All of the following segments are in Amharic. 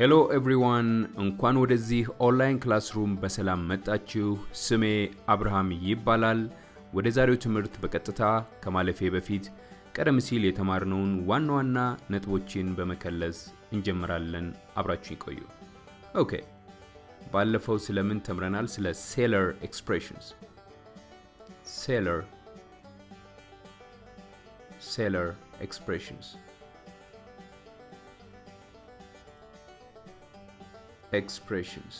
ሄሎ ኤቭሪዋን እንኳን ወደዚህ ኦንላይን ክላስሩም በሰላም መጣችሁ። ስሜ አብርሃም ይባላል። ወደ ዛሬው ትምህርት በቀጥታ ከማለፌ በፊት ቀደም ሲል የተማርነውን ዋና ዋና ነጥቦችን በመከለስ እንጀምራለን። አብራችሁ ይቆዩ። ኦኬ፣ ባለፈው ስለምን ተምረናል? ስለ ሴለር ኤክስፕሬሽንስ። ሴለር ሴለር ኤክስፕሬሽንስ expressions.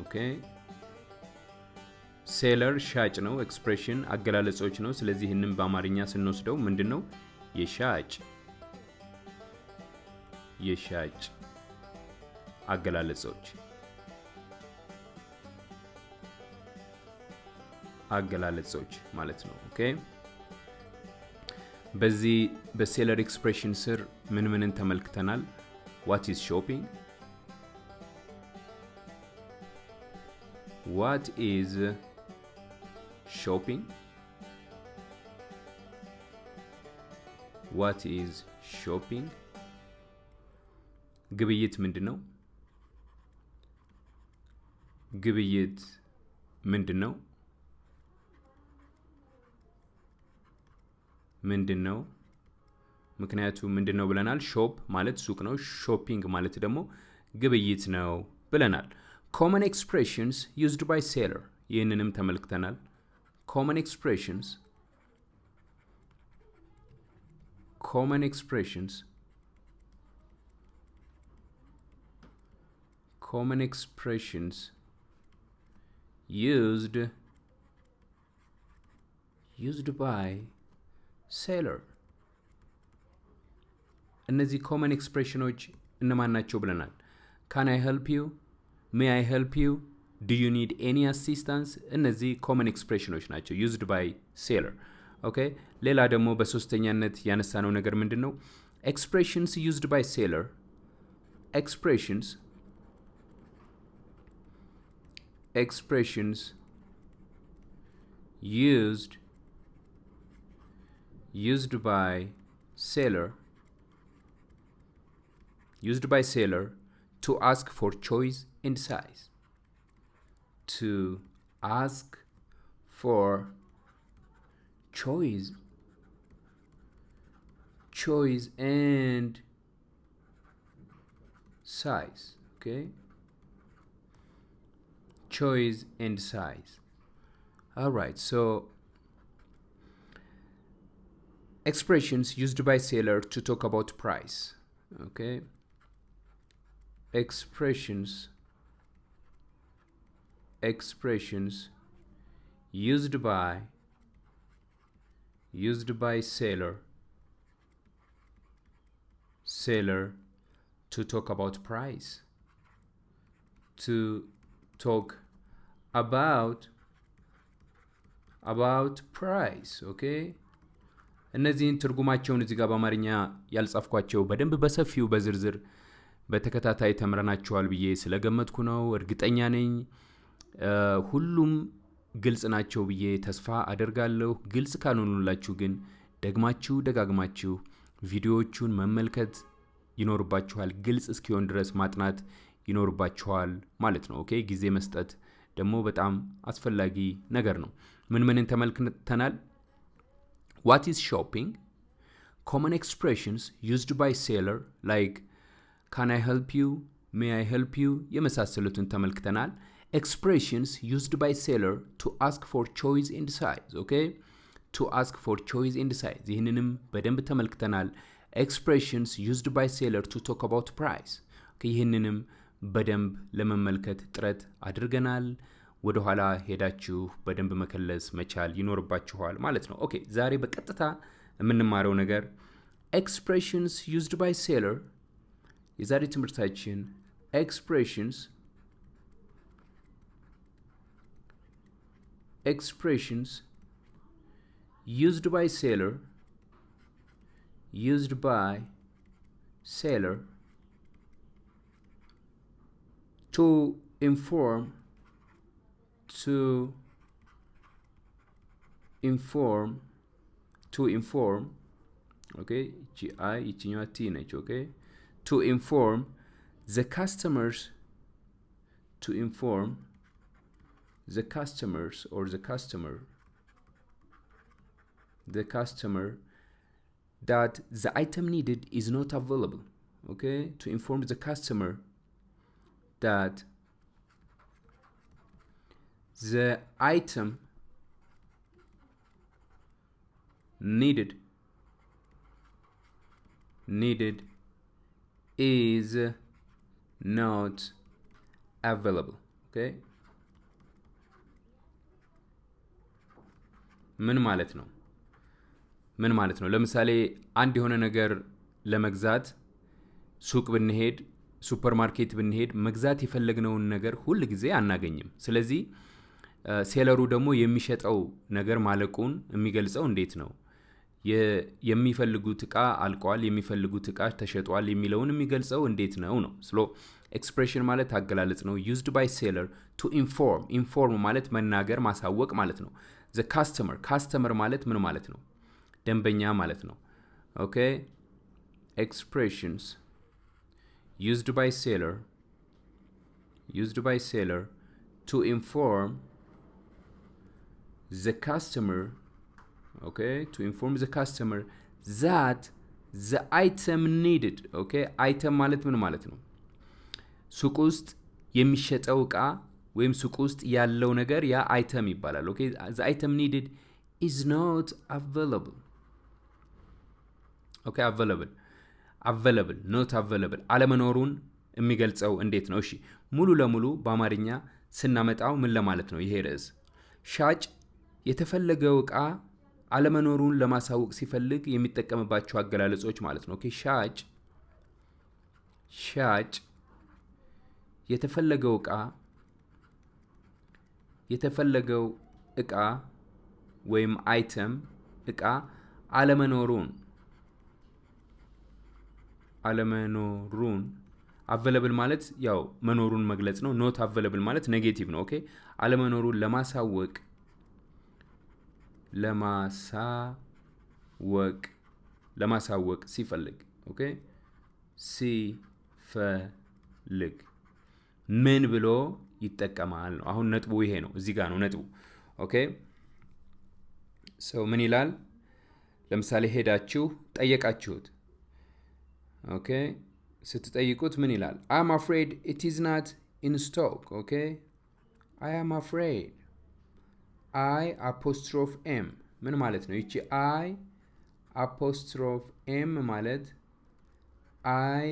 ኦኬ ሴለር ሻጭ ነው፣ ኤክስፕሬሽን አገላለጾች ነው። ስለዚህ ይህንን በአማርኛ ስንወስደው ምንድን ነው? የሻጭ የሻጭ አገላለጾች አገላለጾች ማለት ነው። ኦኬ በዚህ በሴለር ኤክስፕሬሽን ስር ምን ምንን ተመልክተናል? What is shopping? What is shopping? What is shopping? ግብይት ምንድን ነው? ግብይት ምንድን ነው? ምንድን ነው? ምክንያቱ ምንድን ነው ብለናል። ሾፕ ማለት ሱቅ ነው። ሾፒንግ ማለት ደግሞ ግብይት ነው ብለናል። ኮመን ኤክስፕሬሽንስ ዩዝድ ባይ ሴለር ይህንንም ተመልክተናል። ኮመን ኤክስፕሬሽንስ ኮመን ኤክስፕሬሽንስ ኮመን ኤክስፕሬሽንስ ዩዝድ ዩዝድ ባይ ሴለር እነዚህ ኮመን ኤክስፕሬሽኖች እነማን ናቸው ብለናል። ካን አይ ሄልፕ ዩ፣ ሜ አይ ሄልፕ ዩ፣ ዱ ዩ ኒድ ኤኒ አሲስታንስ። እነዚህ ኮመን ኤክስፕሬሽኖች ናቸው ዩዝድ ባይ ሴለር። ኦኬ። ሌላ ደግሞ በሶስተኛነት ያነሳነው ነገር ምንድን ነው? ኤክስፕሬሽንስ ዩዝድ ባይ ሴለር ኤክስፕሬሽንስ ኤክስፕሬሽንስ ዩዝድ ዩዝድ ባይ ሴለር used by seller to ask for choice and size. To ask for choice choice and size okay choice and size all right so expressions used by seller to talk about price okay expressions expressions used by used by sailor sailor to talk about price to talk about about price okay እነዚህን ትርጉማቸውን እዚህ ጋር በአማርኛ ያልጻፍኳቸው በደንብ በሰፊው በዝርዝር በተከታታይ ተምረናቸዋል ብዬ ስለገመትኩ ነው። እርግጠኛ ነኝ ሁሉም ግልጽ ናቸው ብዬ ተስፋ አደርጋለሁ። ግልጽ ካልሆኑላችሁ ግን ደግማችሁ ደጋግማችሁ ቪዲዮዎቹን መመልከት ይኖርባችኋል። ግልጽ እስኪሆን ድረስ ማጥናት ይኖርባችኋል ማለት ነው። ኦኬ ጊዜ መስጠት ደግሞ በጣም አስፈላጊ ነገር ነው። ምን ምንን ተመልክተናል? ዋት ኢዝ ሾፒንግ ኮመን ኤክስፕሬሽንስ ዩዝድ ባይ ሴለር ላይክ ካን አይ ሄልፕ ዩ ሜይ አይ ሄልፕ ዩ የመሳሰሉትን ተመልክተናል። ኤክስፕሬሽንስ ዩዝድ ባይ ሴለር ቱ አስክ ፎር ቾይስ ኤንድ ሳይዝ ኦኬ ቱ አስክ ፎር ቾይስ ኤንድ ሳይዝ ይህንንም በደንብ ተመልክተናል። ኤክስፕሬሽንስ ዩዝድ ባይ ሴለር ቱ ቶክ አባውት ፕራይስ ይህንንም በደንብ ለመመልከት ጥረት አድርገናል። ወደኋላ ሄዳችሁ በደንብ መከለስ መቻል ይኖርባችኋል ማለት ነው። ኦኬ ዛሬ በቀጥታ የምንማረው ነገር ኤክስፕሬሽንስ ዩዝድ ባይ ሴለር የዛሬ ትምህርታችን ኤክስፕሬሽንስ ኤክስፕሬሽንስ used by sailor used by sailor to inform to inform to inform okay I አይ ይችኛዋ ቲ ነች ኦኬ to inform the customers to inform the customers or the customer the customer that the item needed is not available okay to inform the customer that the item needed needed is not available okay ምን ማለት ነው ምን ማለት ነው ለምሳሌ አንድ የሆነ ነገር ለመግዛት ሱቅ ብንሄድ ሱፐር ማርኬት ብንሄድ መግዛት የፈለግነውን ነገር ሁል ጊዜ አናገኝም ስለዚህ ሴለሩ ደግሞ የሚሸጠው ነገር ማለቁን የሚገልጸው እንዴት ነው የሚፈልጉት እቃ አልቋል፣ የሚፈልጉት እቃ ተሸጧል የሚለውን የሚገልጸው እንዴት ነው ነው። ስሎ ኤክስፕሬሽን ማለት አገላለጽ ነው። ዩዝድ ባይ ሴለር ቱ ኢንፎርም፣ ኢንፎርም ማለት መናገር ማሳወቅ ማለት ነው። ዘ ካስተመር፣ ካስተመር ማለት ምን ማለት ነው? ደንበኛ ማለት ነው። ኦኬ ኤክስፕሬሽንስ ዩዝድ ባይ ሴለር ዩዝድ ባይ ሴለር ቱ ኢንፎርም ዘ ካስተመር okay to inform the customer that the item needed okay item ማለት ምን ማለት ነው ሱቅ ውስጥ የሚሸጠው እቃ ወይም ሱቅ ውስጥ ያለው ነገር ያ አይተም ይባላል ኦኬ the item needed is not available ኦኬ available available not available አለመኖሩን የሚገልጸው እንዴት ነው እሺ ሙሉ ለሙሉ በአማርኛ ስናመጣው ምን ለማለት ነው ይሄ ርዕስ ሻጭ የተፈለገው እቃ? አለመኖሩን ለማሳወቅ ሲፈልግ የሚጠቀምባቸው አገላለጾች ማለት ነው። ሻጭ ሻጭ የተፈለገው እቃ የተፈለገው እቃ ወይም አይተም እቃ አለመኖሩን አለመኖሩን አቨለብል ማለት ያው መኖሩን መግለጽ ነው። ኖት አቨለብል ማለት ኔጌቲቭ ነው። ኦኬ አለመኖሩን ለማሳወቅ ለማሳወቅ ለማሳወቅ ሲፈልግ ኦኬ ሲፈልግ ምን ብሎ ይጠቀማል ነው። አሁን ነጥቡ ይሄ ነው። እዚህ ጋር ነው ነጥቡ። ኦኬ ሰው ምን ይላል? ለምሳሌ ሄዳችሁ ጠየቃችሁት። ኦኬ ስትጠይቁት ምን ይላል? አም አፍሬድ ኢት ኢዝ ናት ኢን ስቶክ። ኦኬ አይ አም አፍሬድ አይ አፖስትሮፍ ኤም ምን ማለት ነው? ይቺ አይ አፖስትሮፍ ኤም ማለት አይ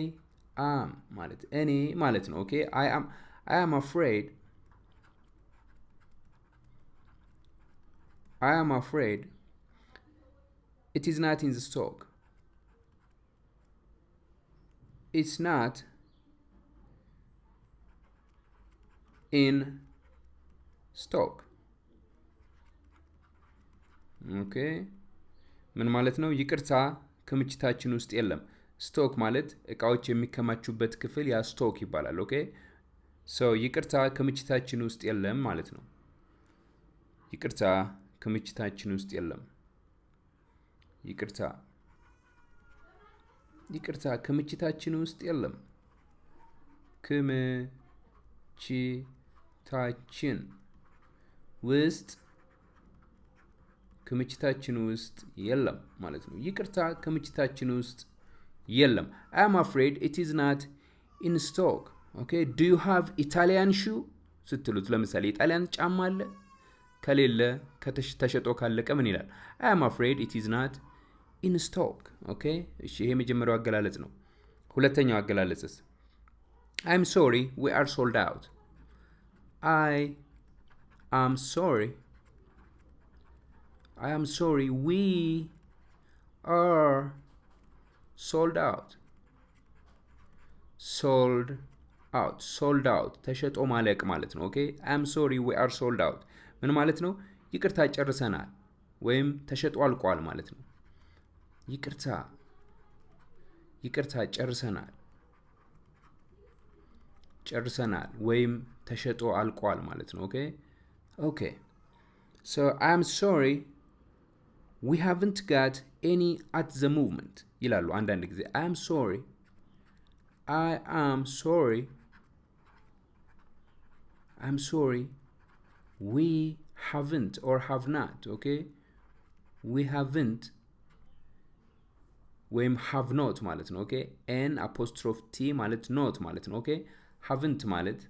አም ማለት እኔ ማለት ነው። ኦኬ አይ አም አይ አም አፍሬድ አይ አም አፍሬድ ኢት ኢዝ ናት ኢን ዘ ስቶክ ኢትስ ናት ኢን ስቶክ ኦኬ ምን ማለት ነው? ይቅርታ ክምችታችን ውስጥ የለም። ስቶክ ማለት እቃዎች የሚከማቹበት ክፍል ያ ስቶክ ይባላል። ኦኬ ሰው ይቅርታ ክምችታችን ውስጥ የለም ማለት ነው። ይቅርታ ክምችታችን ውስጥ የለም። ይቅርታ ይቅርታ ክምችታችን ውስጥ የለም። ክምችታችን ውስጥ ክምችታችን ውስጥ የለም ማለት ነው። ይቅርታ ክምችታችን ውስጥ የለም። አም አፍሬድ ኢት ኢዝ ናት ኢን ስቶክ። ኦኬ ዱ ዩ ሃቭ ኢታሊያን ሹ ስትሉት ለምሳሌ ኢጣሊያን ጫማ አለ ከሌለ ተሸጦ ካለቀ ምን ይላል? አም አፍሬድ ኢት ኢዝ ናት ኢን ስቶክ። ኦኬ እሺ፣ ይሄ የመጀመሪያው አገላለጽ ነው። ሁለተኛው አገላለጽስ አይም አም ሶሪ ዊ አር ሶልድ አውት። አይ አም ሶሪ I am sorry, we are sold out. ሶልድ አውት ሶልድ አውት ተሸጦ ማለቅ ማለት ነው። ኦኬ አም ሶሪ ዊ አር ሶልድ አውት ምን ማለት ነው? ይቅርታ ጨርሰናል ወይም ተሸጦ አልቋል ማለት ነው። ይቅርታ ይቅርታ ጨርሰናል ጨርሰናል ወይም ተሸጦ አልቋል ማለት ነው። ኦኬ ኦኬ ሶ አም ሶሪ we haven't got any at the moment ይላሉ አንዳንድ ጊዜ አይ አም ሶሪ አይ አም ሶሪ አም ሶሪ ዊ haven't or have not okay we haven't ወይም have not ማለት ነው ኦኬ ኤን አፖስትሮፍ ቲ ማለት ኖት ማለት ነው ኦኬ haven't ማለት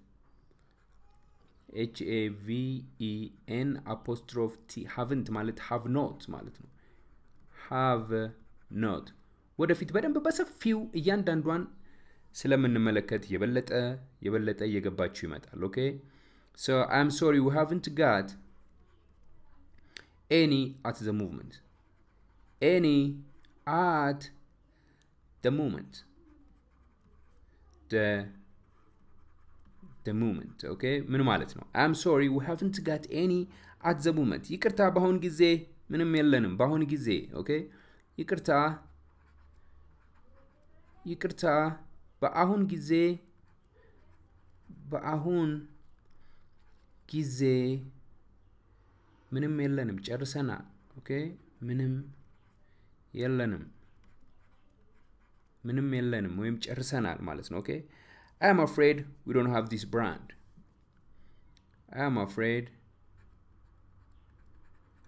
ኤች ኤ ቪ ኢ ኤን አፖስትሮፍ ቲ ሀቭንት ማለት ሀቭ ኖት ማለት ነው። ሀቭ ኖት ወደፊት በደንብ በሰፊው እያንዳንዷን ስለምንመለከት የበለጠ የበለጠ እየገባችሁ ይመጣል። ኦኬ ሶ አይ አም ሶሪ ዊ ሀቭንት ጋት ኤኒ አት ዘ ሙቭመንት ኤኒ አት ዘ ሙቭመንት the moment okay ምን ማለት ነው i'm sorry we haven't got any at the moment ይቅርታ በአሁን ጊዜ ምንም የለንም በአሁን ጊዜ ኦኬ ይቅርታ ይቅርታ በአሁን ጊዜ በአሁን ጊዜ ምንም የለንም ጨርሰናል ኦኬ ምንም የለንም ምንም የለንም ወይም ጨርሰናል ማለት ነው ኦኬ I am afraid we don't have this brand. I am afraid.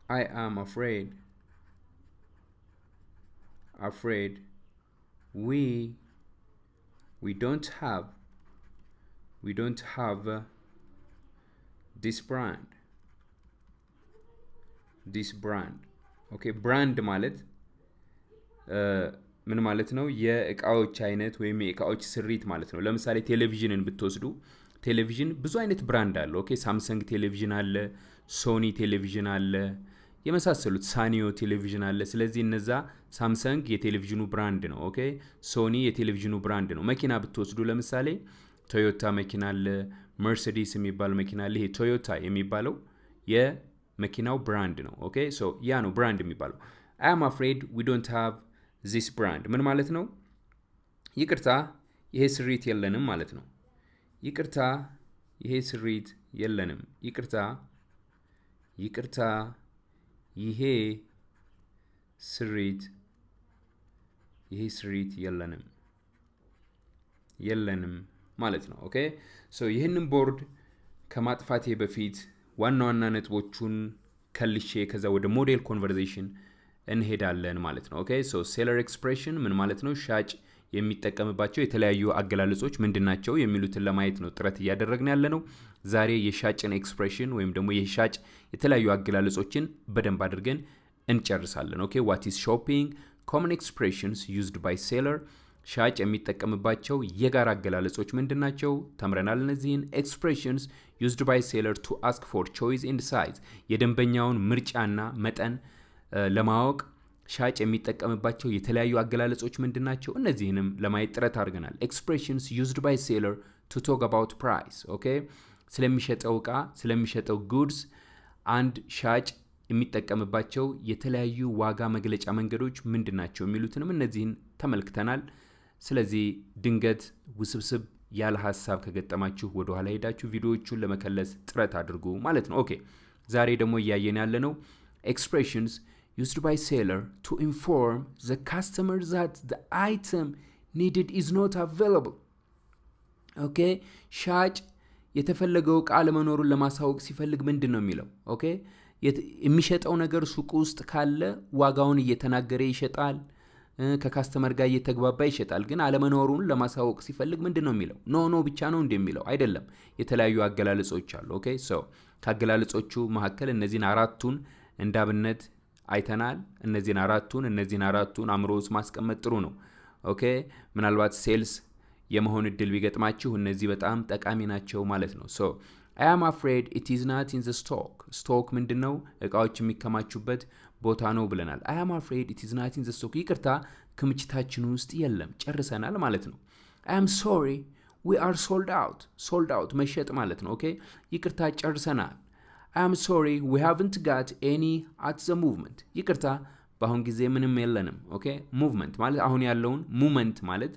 I am afraid. Afraid. We. We don't have. We don't have uh, this brand. This brand. Okay, brand Uh ምን ማለት ነው? የእቃዎች አይነት ወይም የእቃዎች ስሪት ማለት ነው። ለምሳሌ ቴሌቪዥንን ብትወስዱ ቴሌቪዥን ብዙ አይነት ብራንድ አለ። ኦኬ ሳምሰንግ ቴሌቪዥን አለ፣ ሶኒ ቴሌቪዥን አለ፣ የመሳሰሉት ሳኒዮ ቴሌቪዥን አለ። ስለዚህ እነዛ ሳምሰንግ የቴሌቪዥኑ ብራንድ ነው። ኦኬ ሶኒ የቴሌቪዥኑ ብራንድ ነው። መኪና ብትወስዱ ለምሳሌ ቶዮታ መኪና አለ፣ መርሴዲስ የሚባል መኪና አለ። ይሄ ቶዮታ የሚባለው የመኪናው ብራንድ ነው። ኦኬ ሶ ያ ነው ብራንድ የሚባለው። አይ አም አፍሬድ ዊ ዶንት ሃቭ ዚስ ብራንድ ምን ማለት ነው? ይቅርታ ይሄ ስሪት የለንም ማለት ነው። ይቅርታ ይሄ ስሪት የለንም። ይቅርታ ይቅርታ ይሄ ስሪት ይሄ ስሪት የለንም የለንም ማለት ነው። ኦኬ ሶ ይህንን ቦርድ ከማጥፋቴ በፊት ዋና ዋና ነጥቦቹን ከልሼ ከዛ ወደ ሞዴል ኮንቨርዜሽን እንሄዳለን ማለት ነው። ኦኬ ሶ ሴለር ኤክስፕሬሽን ምን ማለት ነው? ሻጭ የሚጠቀምባቸው የተለያዩ አገላለጾች ምንድናቸው የሚሉትን ለማየት ነው ጥረት እያደረግን ያለ ነው። ዛሬ የሻጭን ኤክስፕሬሽን ወይም ደግሞ የሻጭ የተለያዩ አገላለጾችን በደንብ አድርገን እንጨርሳለን። ኦኬ ዋት ኢዝ ሾፒንግ ኮመን ኤክስፕሬሽንስ ዩዝድ ባይ ሴለር ሻጭ የሚጠቀምባቸው የጋራ አገላለጾች ምንድን ናቸው? ተምረናል። እነዚህን ኤክስፕሬሽንስ ዩዝድ ባይ ሴለር ቱ አስክ ፎር ቾይስ ኤንድ ሳይዝ የደንበኛውን ምርጫና መጠን ለማወቅ ሻጭ የሚጠቀምባቸው የተለያዩ አገላለጾች ምንድን ናቸው? እነዚህንም ለማየት ጥረት አድርገናል። ኤክስፕሬሽንስ ዩዝድ ባይ ሴለር ቱ ቶክ አባውት ፕራይስ ኦኬ። ስለሚሸጠው እቃ ስለሚሸጠው ጉድስ አንድ ሻጭ የሚጠቀምባቸው የተለያዩ ዋጋ መግለጫ መንገዶች ምንድን ናቸው የሚሉትንም እነዚህን ተመልክተናል። ስለዚህ ድንገት ውስብስብ ያለ ሀሳብ ከገጠማችሁ ወደ ኋላ ሄዳችሁ ቪዲዮዎቹን ለመከለስ ጥረት አድርጉ ማለት ነው። ኦኬ ዛሬ ደግሞ እያየን ያለ ነው ኤክስፕሬሽንስ used by seller to inform the customer that the item needed is not available ኦኬ ሻጭ የተፈለገው እቃ አለመኖሩን ለማሳወቅ ሲፈልግ ምንድን ነው የሚለው ኦኬ የሚሸጠው ነገር ሱቅ ውስጥ ካለ ዋጋውን እየተናገረ ይሸጣል ከካስተመር ጋር እየተግባባ ይሸጣል። ግን አለመኖሩን ለማሳወቅ ሲፈልግ ምንድን ነው የሚለው? ኖ ኖ ብቻ ነው እንደሚለው አይደለም። የተለያዩ አገላለጾች አሉ። ኦኬ ሶ ከአገላለጾቹ መካከል እነዚህን አራቱን እንዳብነት አይተናል። እነዚህን አራቱን እነዚህን አራቱን አእምሮ ውስጥ ማስቀመጥ ጥሩ ነው። ኦኬ ምናልባት ሴልስ የመሆን እድል ቢገጥማችሁ እነዚህ በጣም ጠቃሚ ናቸው ማለት ነው። ሶ አይ አም አፍሬድ ኢት ኢዝ ናት ኢን ዘ ስቶክ። ስቶክ ምንድን ነው? እቃዎች የሚከማቹበት ቦታ ነው ብለናል። አይ አም አፍሬድ ኢት ኢዝ ናት ኢን ዘ ስቶክ። ይቅርታ ክምችታችን ውስጥ የለም ጨርሰናል ማለት ነው። አይ አም ሶሪ ዊ አር ሶልድ አውት። ሶልድ አውት መሸጥ ማለት ነው። ኦኬ ይቅርታ ጨርሰናል አም ሶሪ ዊ ሃቭንት ጋት ኤኒ አት ዘ ሙቭመንት ይቅርታ በአሁን ጊዜ ምንም የለንም ኦኬ ሙቭመንት ማለት አሁን ያለውን ሙመንት ማለት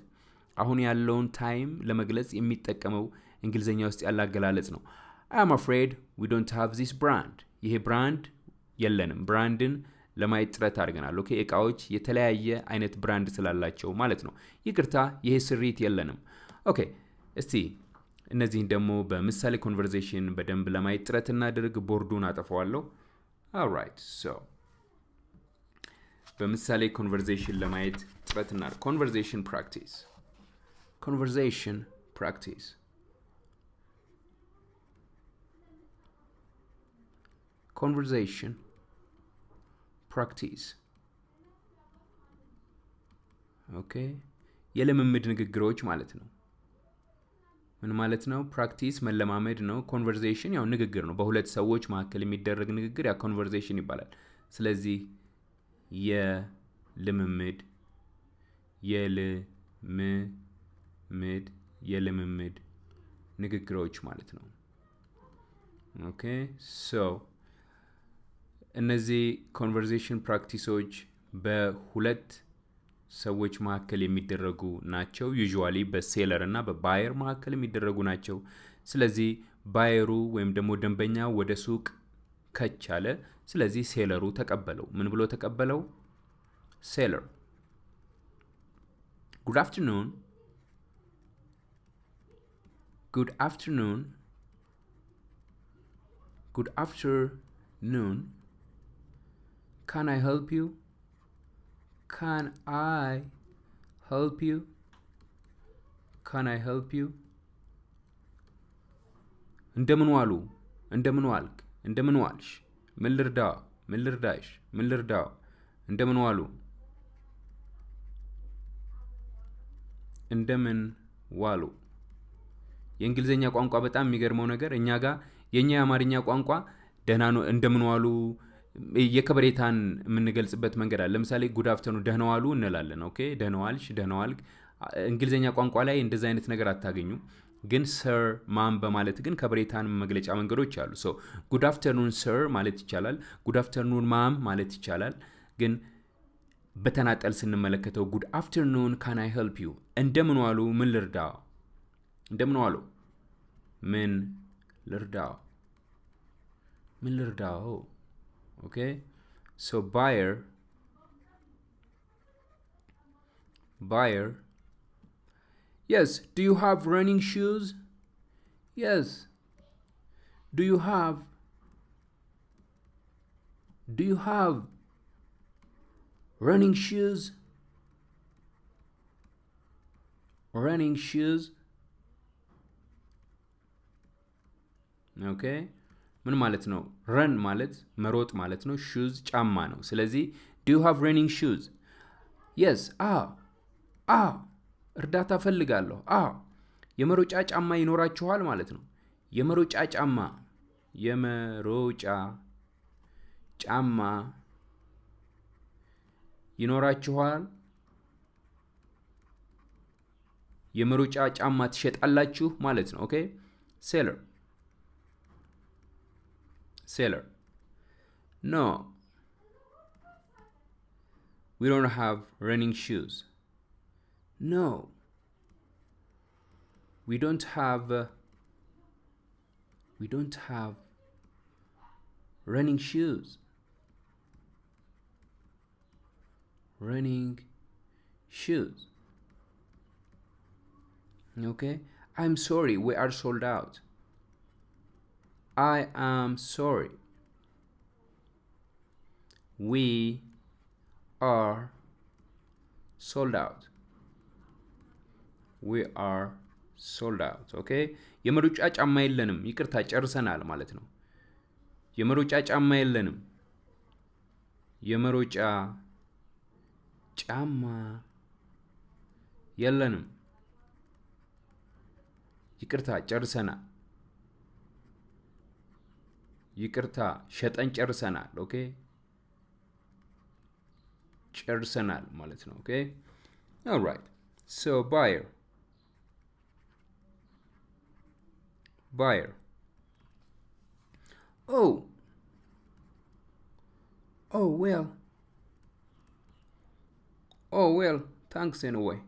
አሁን ያለውን ታይም ለመግለጽ የሚጠቀመው እንግሊዝኛ ውስጥ ያለ አገላለጽ ነው አም አፍሬድ ዊ ዶንት ሃቭ ዚስ ብራንድ ይሄ ብራንድ የለንም ብራንድን ለማየት ጥረት አድርገናል ኦኬ እቃዎች የተለያየ አይነት ብራንድ ስላላቸው ማለት ነው ይቅርታ ይሄ ስሪት የለንም ኦኬ እስቲ እነዚህን ደግሞ በምሳሌ ኮንቨርሴሽን በደንብ ለማየት ጥረት እናድርግ። ቦርዱን አጠፋዋለሁ። አልራይት ሶ በምሳሌ ኮንቨርዜሽን ለማየት ጥረት እናድርግ። ኮንቨርዜሽን ፕራክቲስ ኮንቨርዜሽን ፕራክቲስ ኮንቨርዜሽን ፕራክቲስ ኦኬ የልምምድ ንግግሮች ማለት ነው። ምን ማለት ነው? ፕራክቲስ መለማመድ ነው። ኮንቨርዜሽን ያው ንግግር ነው። በሁለት ሰዎች መካከል የሚደረግ ንግግር ያ ኮንቨርዜሽን ይባላል። ስለዚህ የልምምድ የልምምድ የልምምድ ንግግሮች ማለት ነው። ኦኬ ሶ እነዚህ ኮንቨርዜሽን ፕራክቲሶች በሁለት ሰዎች መካከል የሚደረጉ ናቸው። ዩዥዋሊ በሴለር እና በባየር መካከል የሚደረጉ ናቸው። ስለዚህ ባየሩ ወይም ደግሞ ደንበኛ ወደ ሱቅ ከች አለ። ስለዚህ ሴለሩ ተቀበለው። ምን ብሎ ተቀበለው? ሴለር ጉድ አፍተርኑን ጉድ አፍተርኑን ጉድ አፍተርኑን ካን አይ ሄልፕ ዩ Can I help you? Can I help you? እንደምን ዋሉ፣ እንደምን ዋልክ፣ እንደምን ዋልሽ፣ ምን ልርዳ፣ ምን ልርዳሽ፣ ምን ልርዳው፣ እንደምን ዋሉ፣ እንደምን ዋሉ። የእንግሊዝኛ ቋንቋ በጣም የሚገርመው ነገር እኛ ጋር የእኛ የአማርኛ ቋንቋ ደህና ነው እንደምን ዋሉ የከበሬታን የምንገልጽበት መንገድ አለ። ለምሳሌ ጉዳፍተኑ ደህነዋሉ እንላለን። ኦኬ ደህነዋልሽ፣ ደህነዋል እንግሊዝኛ ቋንቋ ላይ እንደዚ አይነት ነገር አታገኙ። ግን ሰር ማም በማለት ግን ከበሬታን መግለጫ መንገዶች አሉ። ሰው ጉዳፍተኑን ሰር ማለት ይቻላል። ጉዳፍተኑን ማም ማለት ይቻላል። ግን በተናጠል ስንመለከተው ጉድ አፍተርኑን ካን አይ ሄልፕ ዩ፣ እንደምን ዋሉ፣ ምን ልርዳ፣ እንደምን ዋሉ፣ ምን ልርዳ፣ ምን ልርዳው okay so buyer buyer yes do you have running shoes yes do you have do you have running shoes running shoes okay ምን ማለት ነው? ረን ማለት መሮጥ ማለት ነው። ሹዝ ጫማ ነው። ስለዚህ ዱ ዩ ሃቭ ሹዝ? የስ አ አ እርዳታ ፈልጋለሁ። አ የመሮጫ ጫማ ይኖራችኋል ማለት ነው። የመሮጫ ጫማ የመሮጫ ጫማ ይኖራችኋል። የመሮጫ ጫማ ትሸጣላችሁ ማለት ነው። ኦኬ ሴለር seller. No, we don't have running shoes. No, we don't have. Uh, we don't have running shoes. Running shoes. Okay, I'm sorry, we are sold out. I am sorry. We are sold out. We are sold out. ኦኬ የመሮጫ ጫማ የለንም። ይቅርታ ጨርሰናል ማለት ነው። የመሮጫ ጫማ የለንም። የመሮጫ ጫማ የለንም። ይቅርታ ጨርሰናል። ይቅርታ ሸጠን ጨርሰናል። ኦኬ ጨርሰናል ማለት ነው። ኦኬ ኦልራይት ሶ ባየር ባየር ኦ ኦ ዌል ኦ ዌል ታንክስ ኤኒዌይ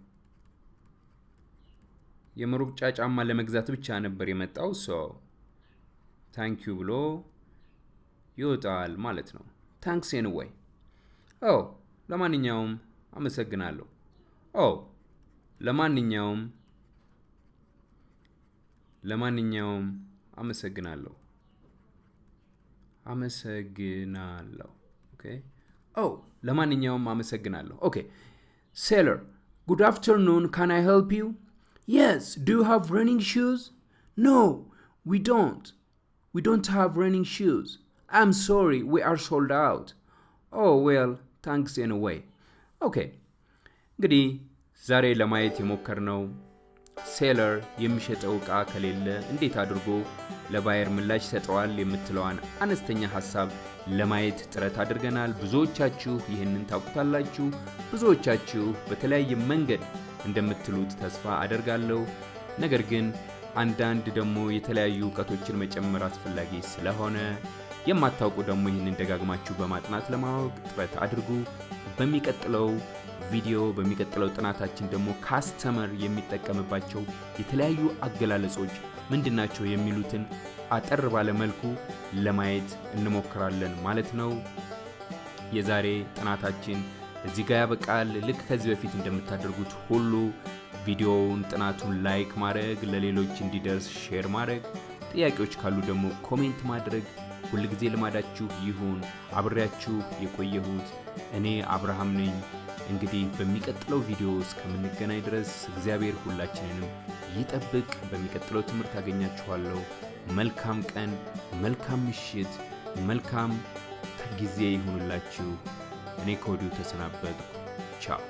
የመሮጫ ጫማ ለመግዛት ብቻ ነበር የመጣው። ሶ ታንኪዩ ብሎ ይወጣል ማለት ነው። ታንክስ ኤኒዌይ። ኦ ለማንኛውም አመሰግናለሁ። ኦ ለማንኛውም ለማንኛውም አመሰግናለሁ አመሰግናለሁ። ኦኬ ኦ ለማንኛውም አመሰግናለሁ። ኦኬ ሴለር ጉድ አፍተርኑን ካን አይ ሄልፕ ዩ የስ ዱ ዩ ሃቭ ረኒንግ ሹዝ ኖ ዊ ዶንት ዊ ዶንት ሃቭ ረኒንግ ሹዝ I'm sorry, we are sold out. Oh well, ታንክስ in ኦኬ እንግዲህ ዛሬ ለማየት የሞከርነው ሴለር የሚሸጠው ዕቃ ከሌለ እንዴት አድርጎ ለባየር ምላሽ ይሰጠዋል የምትለዋን አነስተኛ ሀሳብ ለማየት ጥረት አድርገናል። ብዙዎቻችሁ ይህንን ታውቁታላችሁ። ብዙዎቻችሁ በተለያየ መንገድ እንደምትሉት ተስፋ አደርጋለሁ። ነገር ግን አንዳንድ ደግሞ የተለያዩ እውቀቶችን መጨመር አስፈላጊ ስለሆነ የማታውቁ ደግሞ ይህንን ደጋግማችሁ በማጥናት ለማወቅ ጥረት አድርጉ። በሚቀጥለው ቪዲዮ በሚቀጥለው ጥናታችን ደግሞ ካስተመር የሚጠቀምባቸው የተለያዩ አገላለጾች ምንድናቸው የሚሉትን አጠር ባለ መልኩ ለማየት እንሞክራለን ማለት ነው። የዛሬ ጥናታችን እዚህ ጋር ያበቃል። ልክ ከዚህ በፊት እንደምታደርጉት ሁሉ ቪዲዮውን፣ ጥናቱን ላይክ ማድረግ፣ ለሌሎች እንዲደርስ ሼር ማድረግ፣ ጥያቄዎች ካሉ ደግሞ ኮሜንት ማድረግ ሁልጊዜ ልማዳችሁ ይሁን። አብሬያችሁ የቆየሁት እኔ አብርሃም ነኝ። እንግዲህ በሚቀጥለው ቪዲዮ እስከምንገናኝ ድረስ እግዚአብሔር ሁላችንንም ይጠብቅ። በሚቀጥለው ትምህርት አገኛችኋለሁ። መልካም ቀን፣ መልካም ምሽት፣ መልካም ጊዜ ይሁንላችሁ። እኔ ከወዲሁ ተሰናበትኩ። ቻው